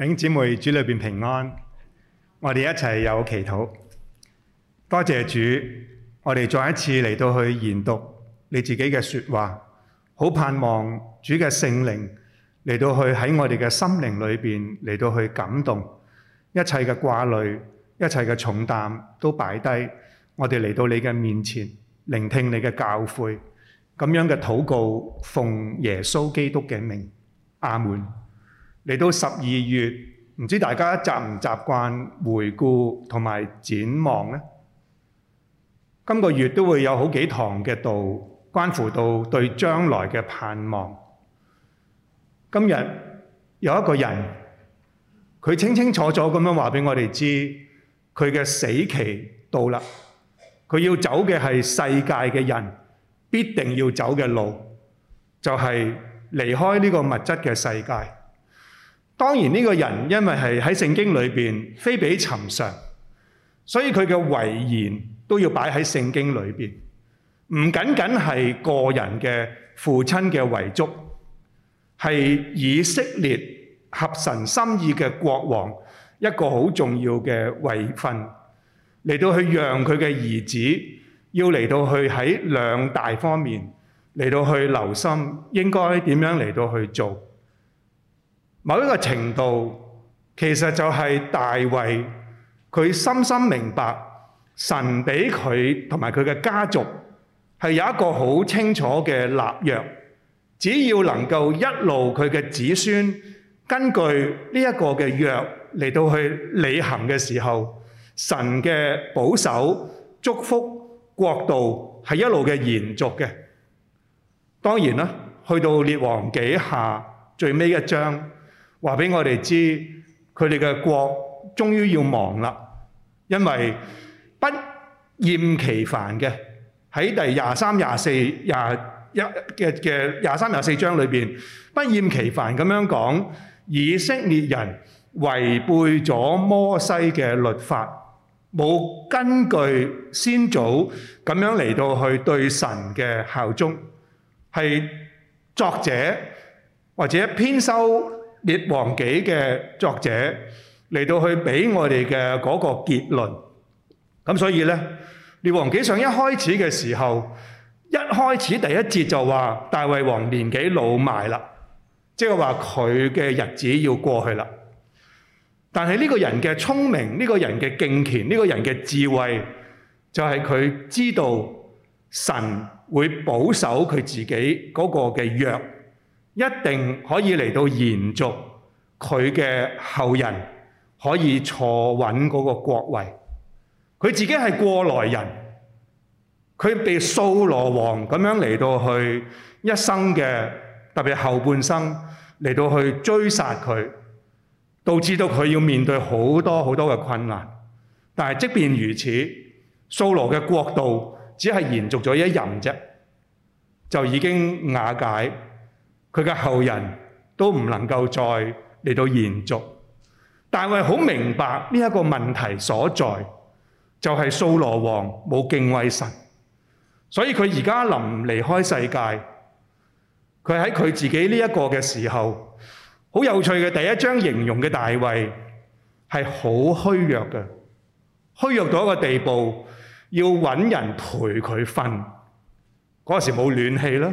請姐妹，主裏邊平安，我哋一齊有祈禱。多謝主，我哋再一次嚟到去研讀你自己嘅說話，好盼望主嘅聖靈嚟到去喺我哋嘅心靈裏邊嚟到去感動，一切嘅掛慮、一切嘅重擔都擺低，我哋嚟到你嘅面前聆聽你嘅教誨，咁樣嘅禱告奉耶穌基督嘅名，阿門。嚟到十二月，唔知大家習唔習慣回顧同埋展望呢？今個月都會有好幾堂嘅道，關乎到對將來嘅盼望。今日有一個人，佢清清楚楚咁樣話俾我哋知，佢嘅死期到喇，佢要走嘅係世界嘅人，必定要走嘅路，就係離開呢個物質嘅世界。當然呢個人因為係喺聖經裏邊非比尋常，所以佢嘅遺言都要擺喺聖經裏邊，唔僅僅係個人嘅父親嘅遺囑，係以色列合神心意嘅國王一個好重要嘅遺訓，嚟到去讓佢嘅兒子要嚟到去喺兩大方面嚟到去留心應該點樣嚟到去做。某一個程度，其實就係大衛佢深深明白神俾佢同埋佢嘅家族係有一個好清楚嘅立約，只要能夠一路佢嘅子孫根據呢一個嘅約嚟到去履行嘅時候，神嘅保守祝福國度係一路嘅延續嘅。當然啦，去到列王紀下最尾一章。話俾我哋知，佢哋嘅國終於要亡啦，因為不厭其煩嘅喺第廿三、廿四、廿一嘅嘅廿三、廿四章裏邊，不厭其煩咁樣講以色列人違背咗摩西嘅律法，冇根據先祖咁樣嚟到去對神嘅效忠，係作者或者編修列王紀嘅作者嚟到去俾我哋嘅嗰個結論，咁所以呢，列王紀上一開始嘅時候，一開始第一節就話大衛王年紀老邁啦，即係話佢嘅日子要過去啦。但係呢個人嘅聰明，呢、這個人嘅敬虔，呢、這個人嘅智慧，就係佢知道神會保守佢自己嗰個嘅約。一定可以嚟到延續佢嘅後人可以坐穩嗰個國位。佢自己係過來人，佢被掃羅王咁樣嚟到去一生嘅，特別後半生嚟到去追殺佢，導致到佢要面對好多好多嘅困難。但係即便如此，掃羅嘅國度只係延續咗一任啫，就已經瓦解。佢嘅後人都唔能夠再嚟到延續，大衛好明白呢一個問題所在，就係掃羅王冇敬畏神，所以佢而家臨離開世界，佢喺佢自己呢一個嘅時候，好有趣嘅第一章形容嘅大衛係好虛弱嘅，虛弱到一個地步，要搵人陪佢瞓，嗰時冇暖氣啦。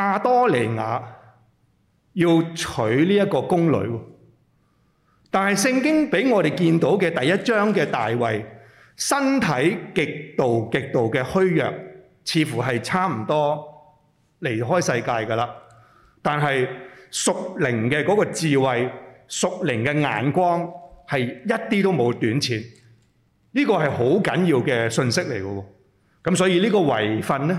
亞多尼雅要娶呢一個宮女，但係聖經俾我哋見到嘅第一章嘅大衛，身體極度極度嘅虛弱，似乎係差唔多離開世界噶啦。但係屬靈嘅嗰個智慧，屬靈嘅眼光係一啲都冇短淺，呢、這個係好緊要嘅信息嚟噶。咁所以呢個遺訓咧，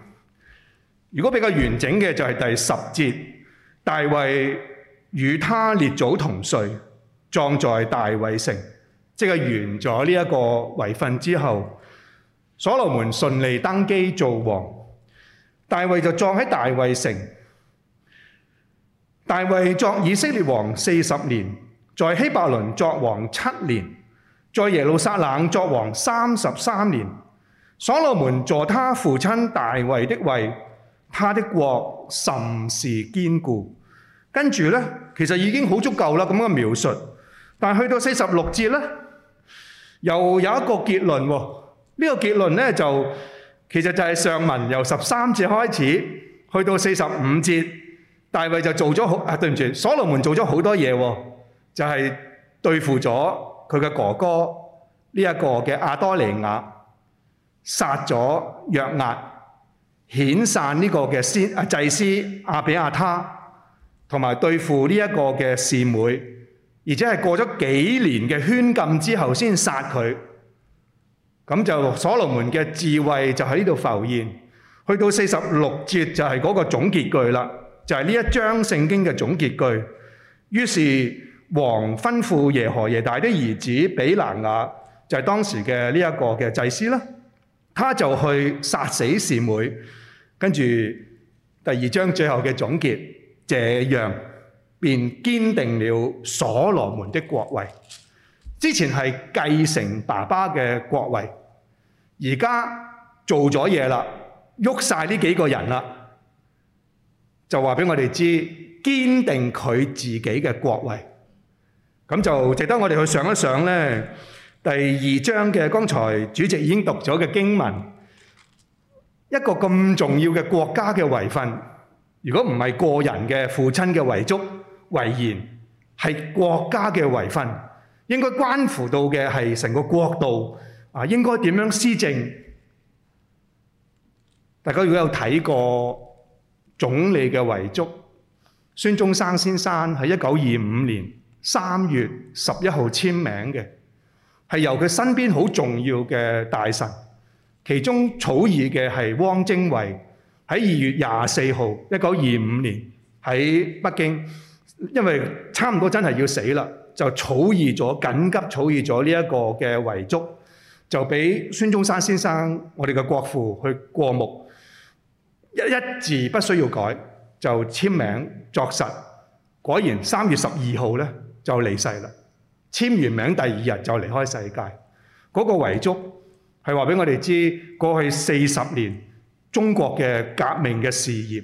如果比較完整嘅就係第十節，大衛與他列祖同睡，葬在大衛城。即係完咗呢一個遺訓之後，所羅門順利登基做王，大衛就葬喺大衛城。大衛作以色列王四十年，在希伯倫作王七年，在耶路撒冷作王三十三年。所羅門坐他父親大衛的位。他的國甚是堅固，跟住咧，其實已經好足夠啦咁嘅描述。但去到四十六節咧，又有一個結論喎。呢、這個結論咧就其實就係上文由十三節開始去到四十五節，大衛就做咗好啊，對唔住，所羅門做咗好多嘢喎，就係、是、對付咗佢嘅哥哥呢一、這個嘅亞多尼雅，殺咗約押。遣散呢個嘅先祭司亞比亞他，同埋對付呢一個嘅示每，而且係過咗幾年嘅圈禁之後先殺佢。咁就所羅門嘅智慧就喺呢度浮現。去到四十六節就係嗰個總結句啦，就係、是、呢一章聖經嘅總結句。於是王吩咐耶何耶大的兒子比拿雅，就係、是、當時嘅呢一個嘅祭司啦，他就去殺死示每。跟住第二章最後嘅總結，這樣便堅定了所羅門的國位。之前係繼承爸爸嘅國位，而家做咗嘢啦，喐晒呢幾個人啦，就話俾我哋知堅定佢自己嘅國位。咁就值得我哋去想一想呢。第二章嘅剛才主席已經讀咗嘅經文。一個咁重要嘅國家嘅遺訓，如果唔係個人嘅父親嘅遺囑遺言，係國家嘅遺訓，應該關乎到嘅係成個國度啊，應該點樣施政？大家如果有睇過總理嘅遺囑，孫中山先生喺一九二五年三月十一號簽名嘅，係由佢身邊好重要嘅大臣。其中草擬嘅係汪精衛喺二月廿四號，一九二五年喺北京，因為差唔多真係要死啦，就草擬咗緊急草擬咗呢一個嘅遺囑，就俾孫中山先生我哋嘅國父去過目，一字不需要改，就簽名作實。果然三月十二號咧就離世啦，簽完名第二日就離開世界，嗰、那個遺囑。係話俾我哋知過去四十年中國嘅革命嘅事業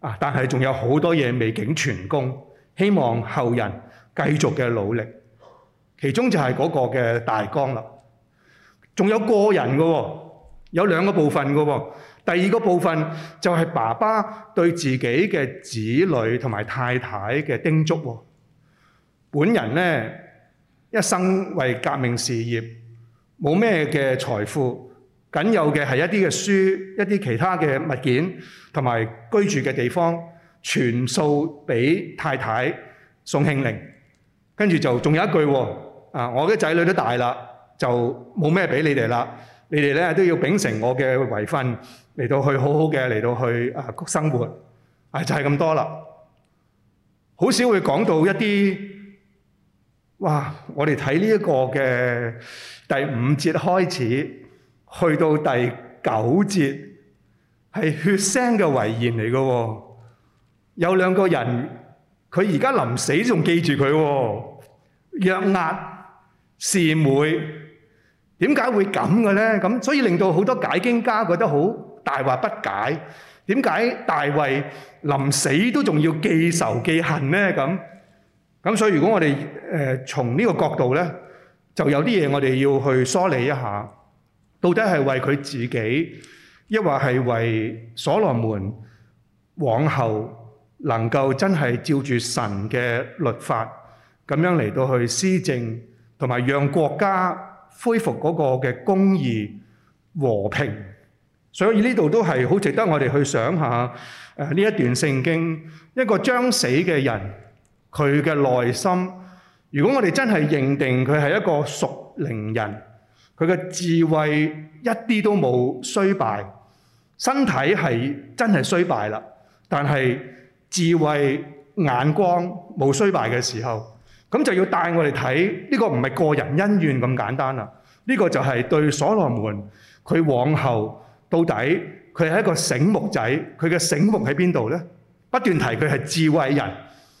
啊，但係仲有好多嘢未竟全功，希望後人繼續嘅努力。其中就係嗰個嘅大江啦，仲有個人嘅喎，有兩個部分嘅喎。第二個部分就係爸爸對自己嘅子女同埋太太嘅叮囑喎。本人呢，一生為革命事業。冇咩嘅財富，僅有嘅係一啲嘅書、一啲其他嘅物件同埋居住嘅地方，全數俾太太宋慶齡。跟住就仲有一句喎，我嘅仔女都大啦，就冇咩俾你哋啦。你哋呢都要秉承我嘅遺訓嚟到去好好嘅嚟到去啊生活。就係咁多啦。好少會講到一啲。哇！我哋睇呢一個嘅第五節開始，去到第九節係血腥嘅遺言嚟㗎。喎。有兩個人，佢而家臨死仲記住佢，喎，約押、示每，點解會咁嘅呢？咁所以令到好多解經家覺得好大惑不解，點解大衛臨死都仲要記仇記恨呢？」咁？咁所以如果我哋從這呢個角度呢，就有啲嘢我哋要去梳理一下，到底係為佢自己，亦或係為所羅門往後能夠真係照住神嘅律法咁樣嚟到去施政，同埋讓國家恢復嗰個嘅公義和平。所以呢度都係好值得我哋去想一下這呢一段聖經，一個將死嘅人。佢嘅內心，如果我哋真係認定佢係一個屬靈人，佢嘅智慧一啲都冇衰敗，身體係真係衰敗啦。但係智慧眼光冇衰敗嘅時候，咁就要帶我哋睇呢個唔係個人恩怨咁簡單啦。呢、這個就係對所羅門，佢往後到底佢係一個醒目仔，佢嘅醒目喺邊度呢？不斷提佢係智慧人。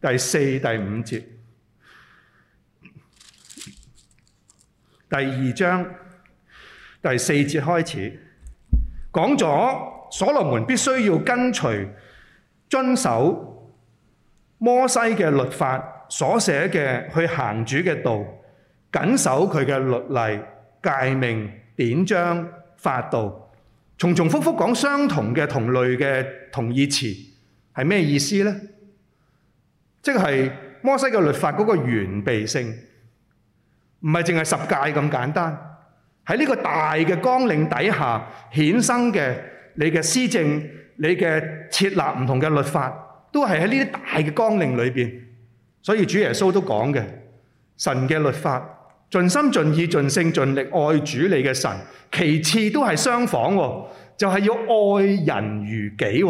第四、第五節，第二章第四節開始講咗，所羅門必須要跟隨、遵守摩西嘅律法所寫嘅，去行主嘅道，謹守佢嘅律例、誡命、典章、法度，重重覆覆講相同嘅同類嘅同義詞，係咩意思呢？即係摩西嘅律法嗰個完備性，唔係淨係十誡咁簡單。喺呢個大嘅綱領底下衍生嘅你嘅施政、你嘅設立唔同嘅律法，都係喺呢啲大嘅綱領裏邊。所以主耶穌都講嘅，神嘅律法盡心盡意盡性盡力愛主你嘅神，其次都係相仿，就係要愛人如己。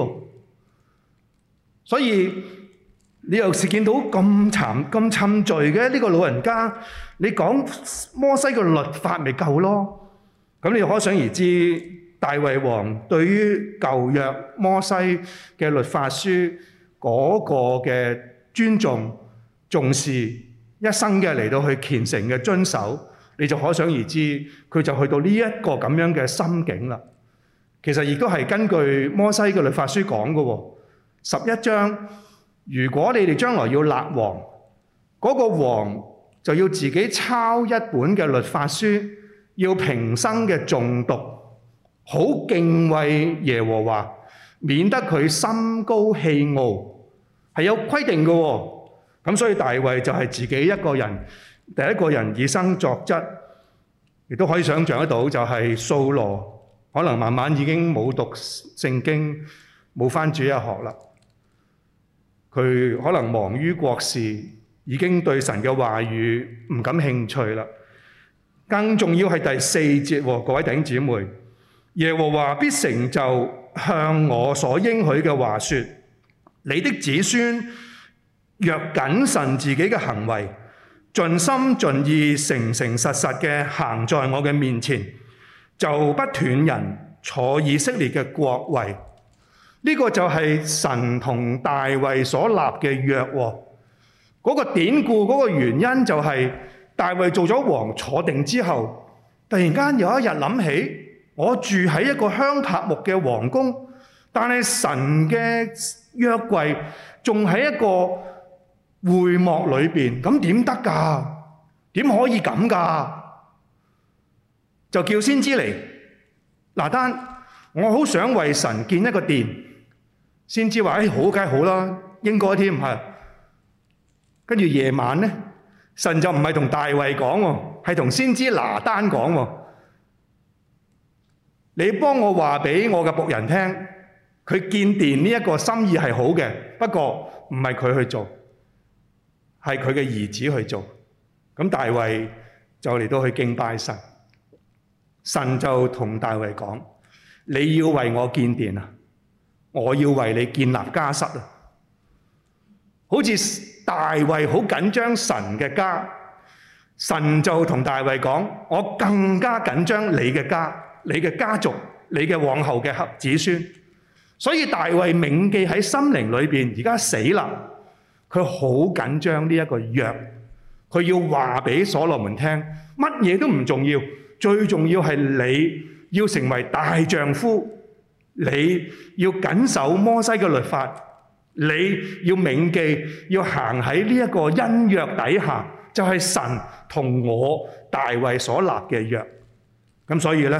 所以。你又是見到咁沉咁侵罪嘅呢個老人家，你講摩西嘅律法咪夠咯？咁你可想而知，大衛王對於舊約摩西嘅律法書嗰個嘅尊重、重視，一生嘅嚟到去虔誠嘅遵守，你就可想而知，佢就去到呢一個咁樣嘅心境啦。其實亦都係根據摩西嘅律法書講嘅喎，十一章。如果你哋將來要立王，嗰、那個王就要自己抄一本嘅律法書，要平生嘅誦讀，好敬畏耶和華，免得佢心高氣傲，係有規定㗎喎。咁所以大衛就係自己一個人，第一個人以身作則，亦都可以想象得到就係掃羅，就係掃羅可能慢慢已經冇讀聖經，冇返主日學喇。佢可能忙於國事，已經對神嘅話語唔感興趣啦。更重要係第四節喎，各位弟兄姐妹，耶和華必成就向我所應許嘅話説：你的子孫若謹慎自己嘅行為，盡心盡意誠誠實實嘅行在我嘅面前，就不斷人坐以色列嘅國位。呢個就係神同大衛所立嘅約喎，嗰個典故嗰個原因就係大衛做咗王坐定之後，突然間有一日諗起，我住喺一個香柏木嘅皇宮，但係神嘅約櫃仲喺一個會幕裏邊，咁點得㗎？點可以咁㗎？就叫先知嚟，拿單，我好想為神建一個殿。先知話，誒好梗係好啦，應該添嚇。跟住夜晚咧，神就唔係同大衛講喎，係同先知拿單講喎。你幫我話俾我嘅僕人聽，佢建殿呢一個心意係好嘅，不過唔係佢去做，係佢嘅兒子去做。咁大衛就嚟到去敬拜神，神就同大衛講，你要為我建殿啊！我要為你建立家室。好似大衛好緊張神嘅家，神就同大衛講我更加緊張你嘅家、你嘅家族、你嘅往後嘅子孫。所以大衛銘記喺心靈裏面，而家死啦佢好緊張呢一個約，佢要話俾所羅門聽：乜嘢都唔重要，最重要係你要成為大丈夫。你要謹守摩西嘅律法，你要銘記，要行喺呢一個恩約底下，就係、是、神同我大衛所立嘅約。咁所以咧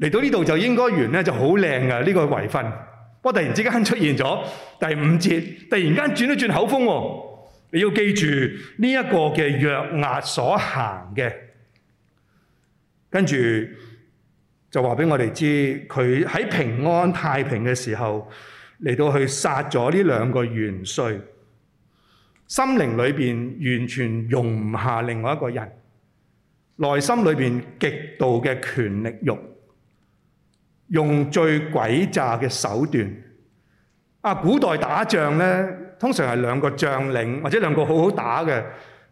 嚟到呢度就應該完咧就好靚噶，呢、這個遺訓。不過突然之間出現咗第五節，突然間轉一轉口風喎。你要記住呢一個嘅約押所行嘅，跟住。就話俾我哋知，佢喺平安太平嘅時候嚟到去殺咗呢兩個元帥，心靈裏面完全容唔下另外一個人，內心裏面極度嘅權力欲。用最詭詐嘅手段。啊，古代打仗咧，通常係兩個將領或者兩個好好打嘅，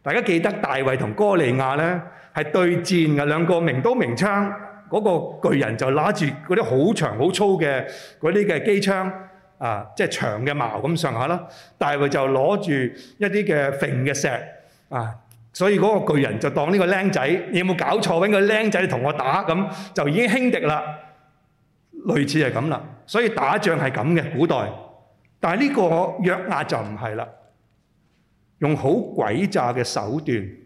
大家記得大衛同哥利亞咧，係對戰嘅兩個明刀明槍。嗰、那個巨人就揦住嗰啲好長好粗嘅嗰啲嘅機槍、啊、即係長嘅矛咁上下啦。但係佢就攞住一啲嘅揈嘅石、啊、所以嗰個巨人就當呢個僆仔，你有冇搞錯？搵個僆仔同我打咁就已經輕敵啦，類似係咁啦。所以打仗係咁嘅古代，但係呢個約押就唔係啦，用好詭詐嘅手段。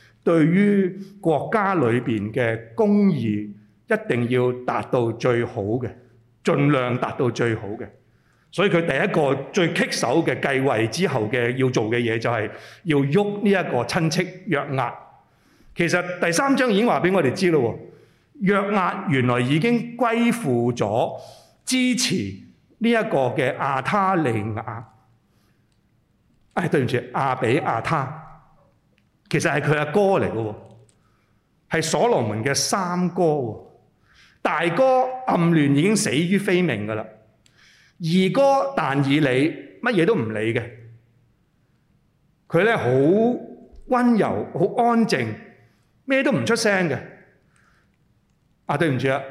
對於國家裏面嘅公義，一定要達到最好嘅，盡量達到最好嘅。所以佢第一個最棘手嘅繼位之後嘅要做嘅嘢，就係要喐呢一個親戚約押。其實第三章已經話俾我哋知啦，約押原來已經歸附咗支持呢一個嘅亞他利雅。誒、哎、對唔住亞比亞他。其實係佢阿哥嚟嘅喎，係所羅門嘅三哥喎。大哥暗嫩已經死於非命了，二哥但以利乜嘢都唔理嘅，佢咧好温柔，好安靜，咩都唔出聲嘅。啊，對唔住啊，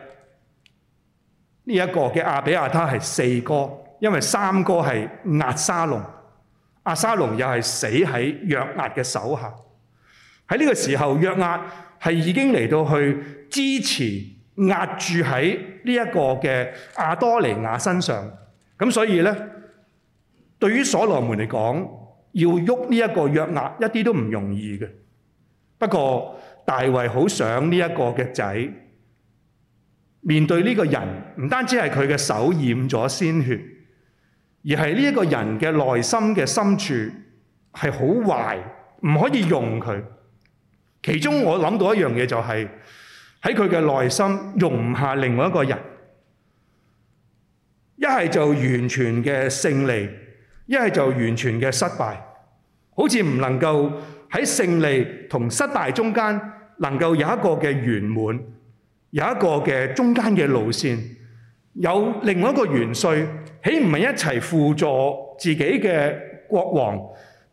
呢、這、一個嘅亞比亞他係四哥，因為三哥係押沙龍，押沙龍又係死喺約押嘅手下。喺呢個時候，約押係已經嚟到去支持壓住喺呢一個嘅亞多尼雅身上。咁所以呢，對於所羅門嚟講，要喐呢一個約押一啲都唔容易嘅。不過大衛好想呢一個嘅仔，面對呢個人，唔單止係佢嘅手染咗鮮血，而係呢一個人嘅內心嘅深處係好壞，唔可以用佢。其中我諗到一樣嘢就係喺佢嘅內心容唔下另外一個人，一係就完全嘅勝利，一係就完全嘅失敗，好似唔能夠喺勝利同失敗中間能夠有一個嘅圓滿，有一個嘅中間嘅路線，有另外一個元帥，豈唔係一齊輔助自己嘅國王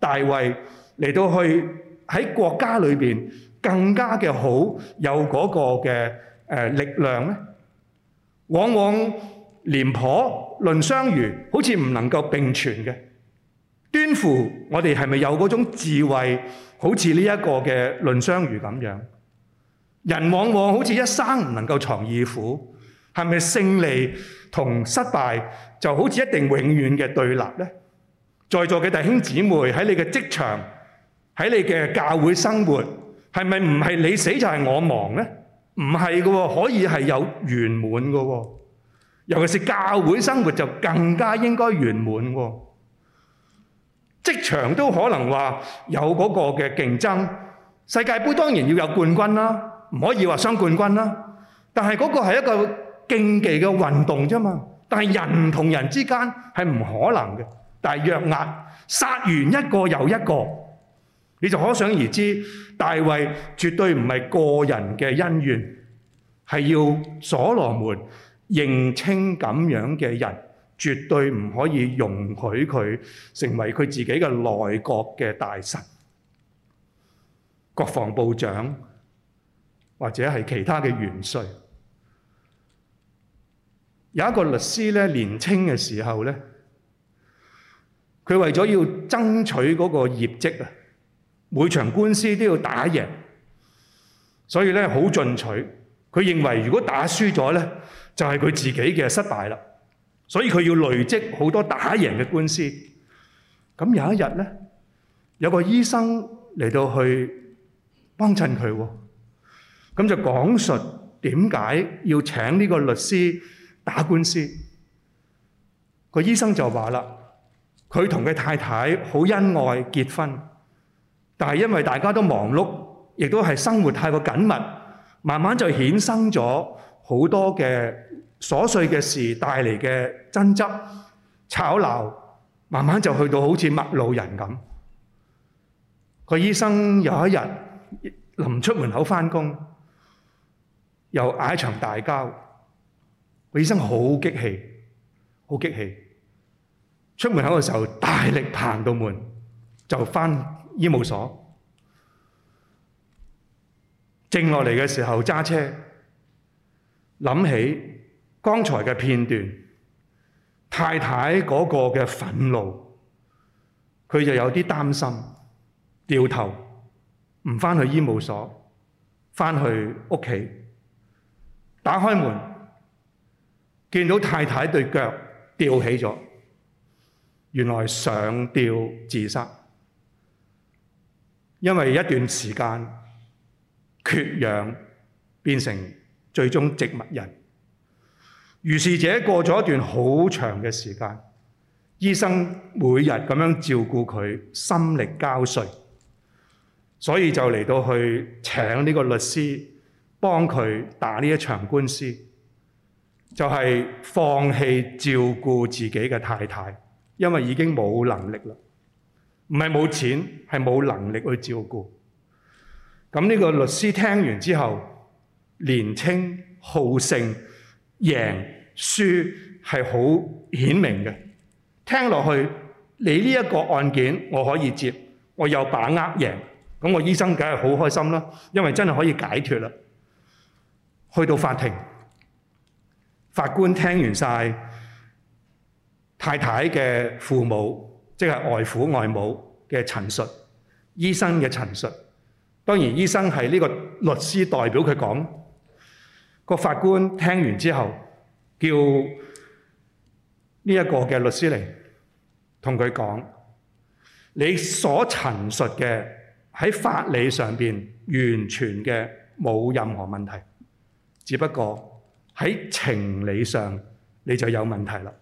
大衛嚟到去？喺國家裏面更加嘅好有嗰個嘅、呃、力量呢，往往廉頗藺相如好似唔能夠並存嘅，端乎我哋係咪有嗰種智慧，好似呢一個嘅藺相如咁樣？人往往好似一生唔能夠藏二虎。係咪勝利同失敗就好似一定永遠嘅對立呢？在座嘅弟兄姊妹喺你嘅職場，喺你嘅教會生活，係咪唔係你死就係我亡呢？唔係嘅喎，可以係有圓滿嘅喎。尤其是教會生活就更加應該圓滿喎。職場都可能話有嗰個嘅競爭，世界盃當然要有冠軍啦，唔可以話雙冠軍啦。但係嗰個係一個競技嘅運動啫嘛。但係人同人之間係唔可能嘅，但係弱壓殺完一個又一個。你就可想而知，大衛絕對唔係個人嘅恩怨，係要所羅門認清咁樣嘅人，絕對唔可以容許佢成為佢自己嘅內閣嘅大臣、國防部長或者係其他嘅元帥。有一個律師咧，年青嘅時候咧，佢為咗要爭取嗰個業績啊！每場官司都要打贏，所以呢好進取。佢認為如果打輸咗呢，就係佢自己嘅失敗啦。所以佢要累積好多打贏嘅官司。咁有一日呢，有個醫生嚟到去幫襯佢喎。咁就講述點解要請呢個律師打官司。個醫生就話啦：佢同佢太太好恩愛結婚。但係因為大家都忙碌，亦都係生活太過緊密，慢慢就衍生咗好多嘅瑣碎嘅事帶嚟嘅爭執、吵鬧，慢慢就去到好似陌路人咁。個醫生有一日臨出門口返工，又嗌一場大交，個醫生好激氣，好激氣，出門口嘅時候大力嘭到門，就返醫務所，靜落嚟嘅時候揸車，諗起剛才嘅片段，太太嗰個嘅憤怒，佢就有啲擔心，掉頭唔返去醫務所，返去屋企，打開門見到太太對腳吊起咗，原來上吊自殺。因為一段時間缺氧，變成最終植物人。如是者過咗一段好長嘅時間，醫生每日咁樣照顧佢，心力交瘁。所以就嚟到去請呢個律師幫佢打呢一場官司，就係放棄照顧自己嘅太太，因為已經冇能力了。唔係冇錢，係冇能力去照顧。咁呢個律師聽完之後，年青、好勝、贏輸係好顯明嘅。聽落去，你呢一個案件我可以接，我有把握贏。咁我醫生梗係好開心啦，因為真係可以解脫啦。去到法庭，法官聽完晒太太嘅父母。即係外父外母嘅陳述，醫生嘅陳述。當然，醫生係呢個律師代表佢講。個法官聽完之後，叫呢一個嘅律師嚟同佢講：你所陳述嘅喺法理上面完全嘅冇任何問題，只不過喺情理上你就有問題啦。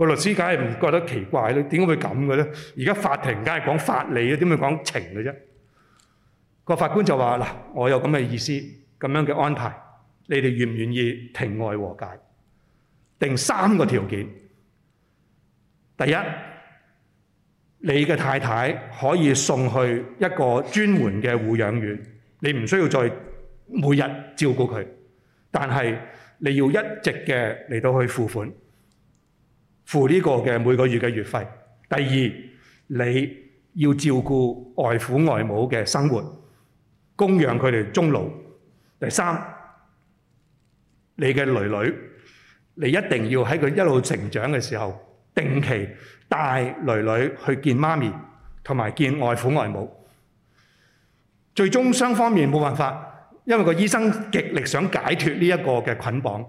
個律師梗係唔覺得奇怪咯，點解會咁嘅咧？而家法庭梗係講法理嘅，點會講情嘅啫？個法官就話：嗱，我有咁嘅意思，咁樣嘅安排，你哋願唔願意庭外和解？定三個條件。第一，你嘅太太可以送去一個專門嘅護養院，你唔需要再每日照顧佢，但係你要一直嘅嚟到去付款。付呢個嘅每個月嘅月費。第二，你要照顧外父外母嘅生活，供養佢哋終老。第三，你嘅囡囡，你一定要喺佢一路成長嘅時候，定期帶囡囡去見媽咪同埋見外父外母。最終雙方面冇辦法，因為個醫生極力想解脫呢一個嘅捆綁，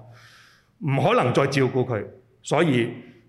唔可能再照顧佢，所以。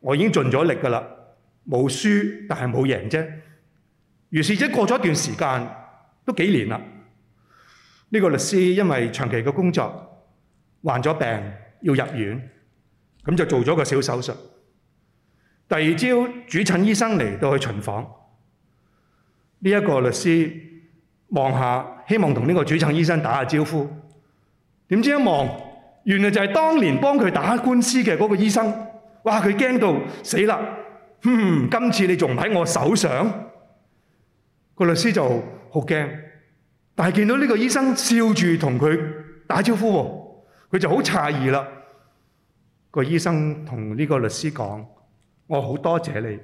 我已經盡咗力㗎啦，冇輸但係冇贏啫。於是即過咗一段時間，都幾年啦。呢個律師因為長期嘅工作，患咗病要入院，咁就做咗個小手術。第二朝主診醫生嚟到去巡房，呢一個律師望下，希望同呢個主診醫生打下招呼。點知一望，原來就係當年幫佢打官司嘅嗰個醫生。哇！佢驚到死啦，哼、嗯，今次你仲喺我手上。個律師就好驚，但係見到呢個醫生笑住同佢打招呼喎，佢就好詫異啦。個醫生同呢個律師講：我好多謝你，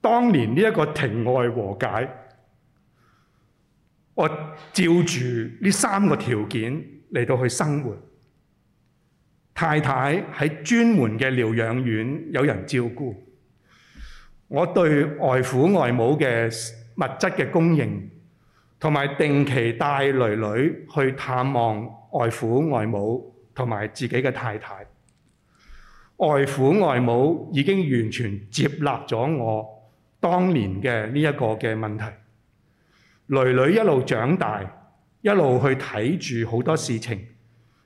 當年呢一個庭外和解，我照住呢三個條件嚟到去生活。太太喺專門嘅療養院有人照顧。我對外父外母嘅物質嘅供應，同埋定期帶囡囡去探望外父外母同埋自己嘅太太。外父外母已經完全接納咗我當年嘅呢一個嘅問題。囡囡一路長大，一路去睇住好多事情。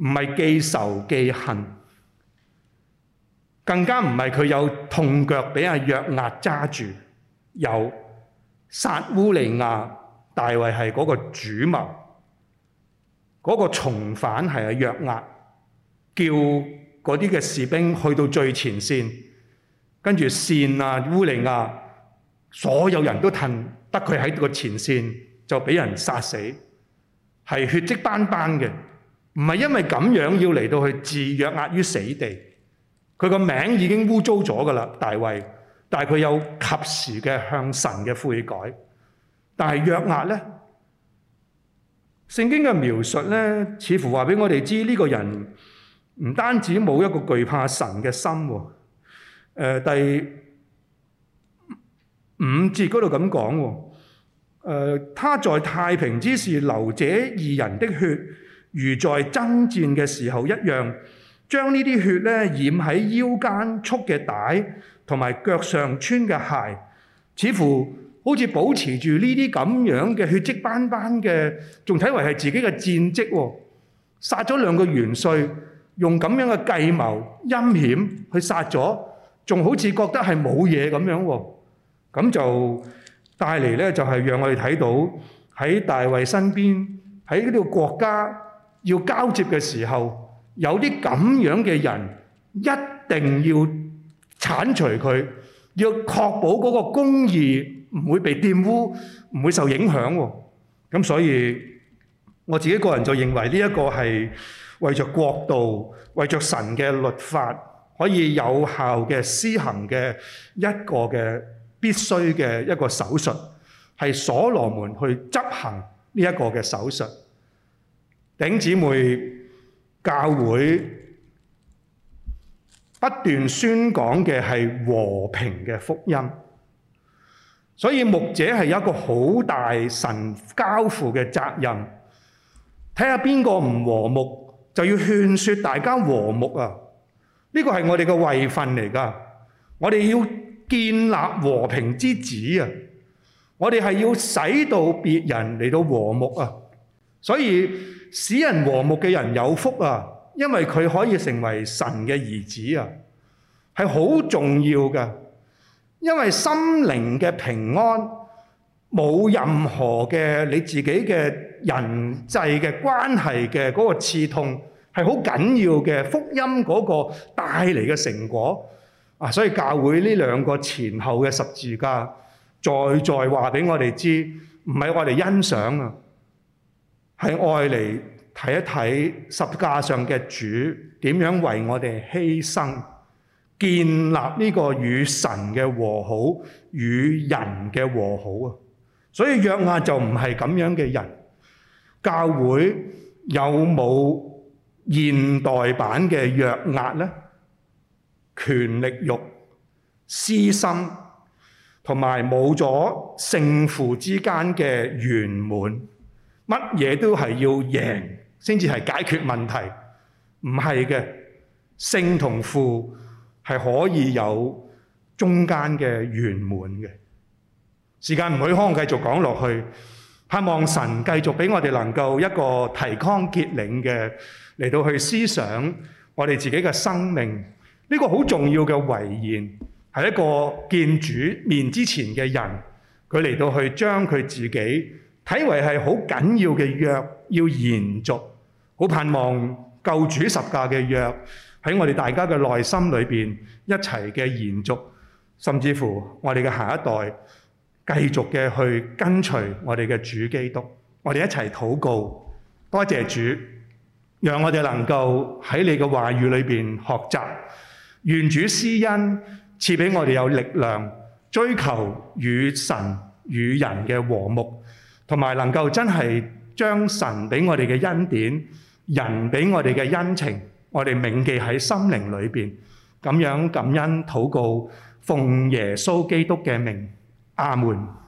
唔係記仇記恨，更加唔係佢有痛腳俾阿約押揸住，有殺烏利亞，大衛係嗰個主謀，嗰、嗰個從犯係阿約押，叫嗰啲嘅士兵去到最前線，跟住善啊烏利亞，所有人都騰得佢喺個前線就俾人殺死，係血跡斑斑嘅。唔係因為咁樣要嚟到去置約押於死地，佢個名已經污糟咗噶啦，大衛。但係佢有及時嘅向神嘅悔改。但係約押咧，聖經嘅描述咧，似乎話俾我哋知呢個人唔單止冇一個懼怕神嘅心喎。誒，第五節嗰度咁講喎。誒，他在太平之時流這二人的血。如在爭戰嘅時候一樣，將呢啲血咧染喺腰間束嘅帶，同埋腳上穿嘅鞋，似乎好似保持住呢啲咁樣嘅血跡斑斑嘅，仲睇為係自己嘅戰績喎。殺咗兩個元帥，用咁樣嘅計謀陰險去殺咗，仲好似覺得係冇嘢咁樣喎。咁就帶嚟咧，就係讓我哋睇到喺大衛身邊，喺呢個國家，要交接嘅時候，有啲咁樣嘅人，一定要剷除佢，要確保嗰個公義唔會被玷污，唔會受影響。咁所以我自己個人就認為呢一個係為著國度、為著神嘅律法可以有效嘅施行嘅一個嘅必須嘅一個手術，係所羅門去執行呢一個嘅手術。頂姊妹教會不斷宣講嘅係和平嘅福音，所以牧者係有一個好大神交付嘅責任，睇下邊個唔和睦，就要勸說大家和睦啊！呢個係我哋嘅位分嚟㗎，我哋要建立和平之子啊！我哋係要使到別人嚟到和睦啊！所以。使人和睦嘅人有福啊，因為佢可以成為神嘅兒子啊，係好重要嘅。因為心靈嘅平安，冇任何嘅你自己嘅人際嘅關係嘅嗰個刺痛是很重，係好緊要嘅福音嗰個帶嚟嘅成果啊。所以教會呢兩個前後嘅十字架再再，在在話畀我哋知，唔係我哋欣賞啊。是愛嚟睇一睇十架上嘅主點樣為我哋犧牲，建立呢個與神嘅和好與人嘅和好啊！所以約押就唔係咁樣嘅人。教會有冇有現代版嘅約押呢？權力欲、私心同埋冇咗勝負之間嘅圓滿。乜嘢都係要贏先至係解決問題，唔係嘅，勝同負係可以有中間嘅圓滿嘅。時間唔許可，我繼續講落去，盼望神繼續俾我哋能夠一個提康結領嘅嚟到去思想我哋自己嘅生命，呢個好重要嘅遺言，係一個見主面之前嘅人，佢嚟到去將佢自己。睇為係好緊要嘅約，要延續。好盼望救主十架嘅約喺我哋大家嘅內心裏面一齊嘅延續，甚至乎我哋嘅下一代繼續嘅去跟隨我哋嘅主基督。我哋一齊禱告，多謝主，讓我哋能夠喺你嘅話語裏面學習，願主施恩，賜畀我哋有力量追求與神與人嘅和睦。同埋能夠真係將神俾我哋嘅恩典、人俾我哋嘅恩情，我哋銘記喺心靈裏邊，咁樣感恩、禱告、奉耶穌基督嘅名，阿門。